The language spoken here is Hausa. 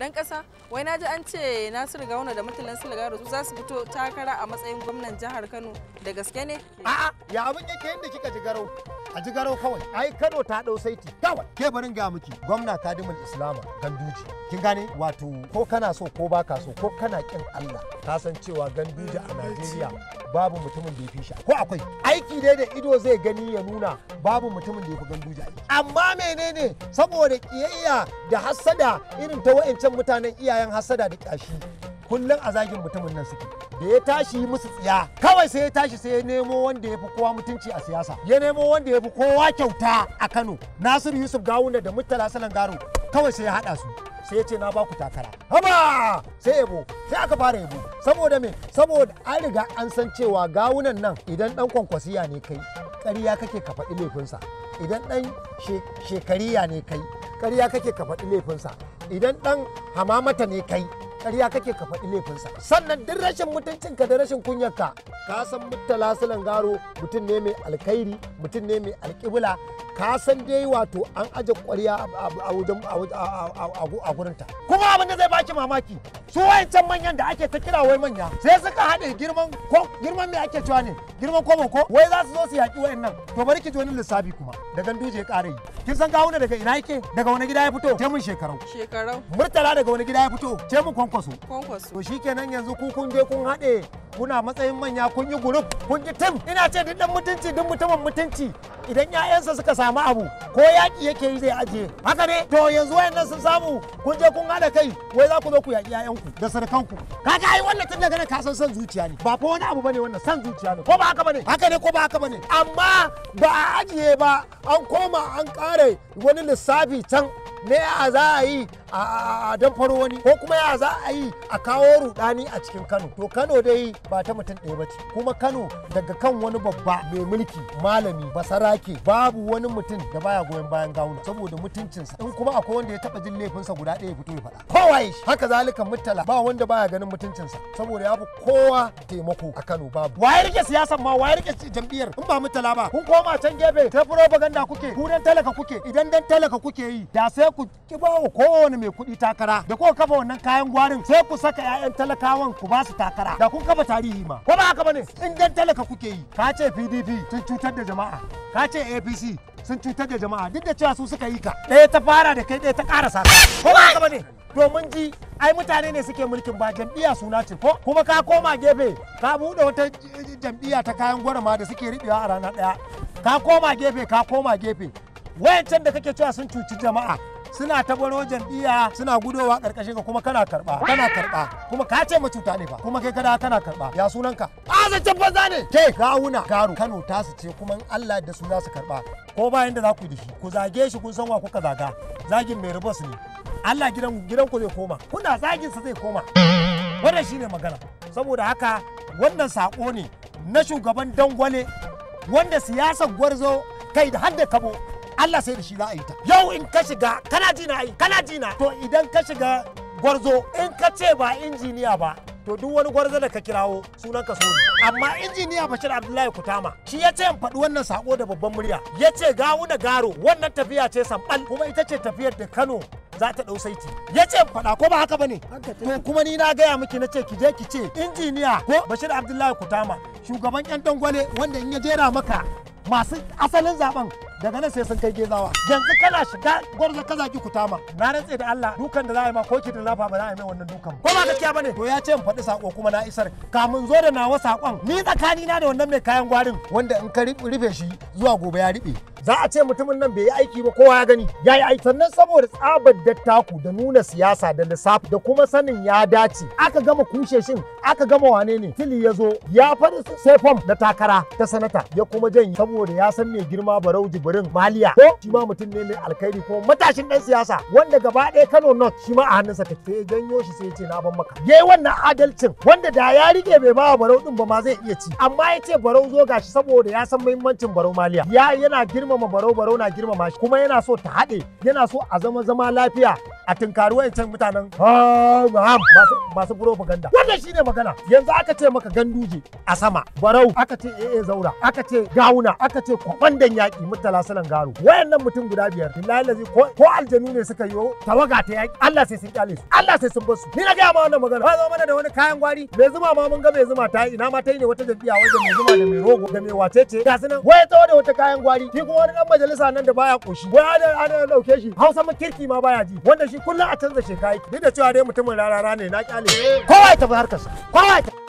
dan kasa wai naji an ce nasiru gauna da mutulan silgaro su za su fito takara a matsayin gwamnan jihar kano da gaske ne a'a ya abin yake yadda kika ji garau a ji garau kawai ai kano ta dau saiti kawai ke barin ga miki gwamna dimin islama ganduji kin gane wato ko kana so ko baka so ko kana kin allah ka san cewa ganduji a najeriya babu mutumin da ya fi shi ko akwai aiki dai da ido zai gani ya nuna babu mutumin da ya fi ganduje aiki amma menene saboda kiyayya da hassada irin ta wa'ancan mutanen iyayen hassada da kyashi kullum a zagin mutumin nan suke da ya tashi musu tsiya kawai sai ya tashi sai ya nemo wanda ya fi kowa mutunci a siyasa ya nemo wanda ya fi kowa kyauta a kano nasiru yusuf gawuna da murtala salangaro kawai sai ya haɗa su sai ya ce na baku takara haba sai yabo sai aka fara yabo saboda me saboda an riga an san cewa gawunan nan idan dan kwankwasiya ne kai ƙarya kake ka faɗi laifinsa idan dan shekariya ne kai ƙarya kake ka faɗi laifinsa idan dan hamamata ne kai ƙarya kake ka faɗi laifinsa sannan duk rashin mutuncin ka. da rashin kunyarka ka san murtala silan garo mutum ne mai alkhairi mutum ne mai alƙibla ka san dai wato an aje ƙwarya a wajen a gurinta kuma abin da zai baki mamaki su wayancan manyan da ake ta kira wai manya sai suka haɗe girman ko girman me ake cewa ne girman ko ko wai za su zo su yaƙi wayannan to bari ki ji wani lissafi kuma da ganduje ƙara yi kin san gawuna daga ina yake daga wani gida ya fito ce mun shekarau shekarau murtala daga wani gida ya fito ce mun kwankwaso kwankwaso to shikenan yanzu ku kun je kun haɗe kuna matsayin manya kun yi group kun yi tim ina ce duk dan mutunci duk mutumin mutunci idan ƴaƴansa suka samu abu ko yaƙi yake yi zai ajiye haka ne to yanzu wayannan sun samu kun je kun haɗa kai wai za ku zo ku yaƙi ƴaƴanku da sarkanku kaga ai wannan tun daga ka san san zuciya ne ba fa wani abu bane wannan san zuciya ne ko ba haka bane haka ne ko ba haka bane amma ba a ajiye ba an koma an kare wani lissafi can me ya za a yi a don wani ko kuma ya za a yi a kawo rudani a cikin kano to kano dai ba ta mutum ɗaya ba ce kuma kano daga kan wani babba mai mulki malami basarake babu wani mutum da baya goyon bayan gawuna saboda mutuncinsa in kuma akwai wanda ya taba jin laifinsa guda ɗaya fito ya faɗa kowa haka zalika mutala ba wanda baya ganin mutuncinsa saboda ya kowa taimako a kano babu waye rike siyasan ma waye rike jam'iyyar in ba mutala ba kun koma can gefe ta propaganda kuke ku dan talaka kuke idan dan talaka kuke yi da sai ku ki ba wa kowane mai kuɗi takara da kuka kafa wannan kayan gwarin sai ku saka ƴaƴan talakawan ku ba su takara da kun kafa tarihi ma ko ba haka bane in dan talaka kuke yi ka ce PDP sun cutar da jama'a ka ce APC sun cutar da jama'a duk da cewa su suka yi ka ɗaya ta fara da kai ɗaya ta ƙara saka ko ba haka bane domin ji ai mutane ne suke mulkin ba jam'iyya suna ce ko kuma ka koma gefe ka buɗe wata jam'iyya ta kayan gwarama da suke riɓewa a rana ɗaya ka koma gefe ka koma gefe wayancan da kake cewa sun cuci jama'a suna ta baro jam'iyya suna gudowa karkashin ka kuma kana karba kana karba kuma ka ce macuta ne fa kuma kai kada kana karba ya sunan ka azancin banza ne ke gawuna garu Kano ta su ce kuma Allah da su za su karba ko bayan da za ku yi shi ku zage shi kun san wa kuka zaga zagin mai rubus ne Allah gidan gidan ku zai koma kuna zagin sa zai koma wannan shine magana saboda haka wannan sako ne na shugaban dangwale wanda siyasar gwarzo kai da hadda kabo Allah sai da shi za a yi ta yau in ka shiga kana jina yi kana jina to idan ka shiga gwarzo in ka ce ba injiniya ba to duk wani gwarzo da ka kirawo sunan ka amma injiniya bashir abdullahi kutama shi ya ce in faɗi wannan sako da babban murya ya ce gawu da garo wannan tafiya ce sanɓal. kuma ita ce tafiyar da kano za ta ɗau saiti ya ce faɗa ko ba haka ba ne to kuma ni na gaya miki na ce ki je ki ce injiniya ko bashir abdullahi kutama shugaban yan dangwale wanda in ya jera maka masu asalin zaben daga nan sai sun kai gezawa yanzu kana shiga gwarza kaza ki kutama na rantse da Allah dukan da za a yi ma ko ki da lafa ba za a yi mai wannan dukan ko ba gaskiya bane to ya ce in faɗi sako kuma na isar kamun zo da nawa sakon ni tsakani na da wannan mai kayan gwarin wanda in ka rufe shi zuwa gobe ya rufe. za a ce mutumin nan bai yi aiki ba kowa ya gani ya yi aiki sannan saboda tsabar dattaku da nuna siyasa da lissafi da kuma sanin ya dace aka gama kushe shin aka gama wane ne tili ya zo ya faɗi sai fom na takara ta sanata ya kuma janye saboda ya san mai girma barau jibirin maliya ko shi ma mutum ne mai alkhairi ko matashin ɗan siyasa wanda gaba ɗaya kano north shi ma a hannunsa ta sai janyo shi sai ya ce na ban maka yi wannan adalcin wanda da ya rike bai ba barau ɗin ba ma zai iya ci amma ya ce barau zo gashi saboda ya san muhimmancin barau maliya ya yana girma girmama barau barau na girmama shi kuma yana so ta haɗe yana so a zama zama lafiya a tunkari wayancan mutanen ah, masu propaganda wannan ne magana yanzu aka ce maka ganduje a sama barau aka ce ee zaura aka ce gawuna aka ce kwabandan yaƙi murtala salan garo wayannan mutum guda biyar billahi ko aljanu ne suka yi tawaga ta yaƙi Allah sai sun kyale su Allah sai sun basu. ni na gaya ma wannan magana ba mana da wani kayan gwari mai zuma ma mun ga mai zuma ta ina ma ta yi ne wata jam'iyya wajen mai zuma da mai rogo da mai wacece ga su nan Waye tsawo da wata kayan gwari ki kuma wani ɗan majalisa nan da baya koshi wai ana dauke shi Hausa mu kirki ma baya ji wanda shi kullum a canza shekara duk da cewa dai mutumin rarara ne na kyale eh. kowa ya tafi harkarsa kowa ya tafi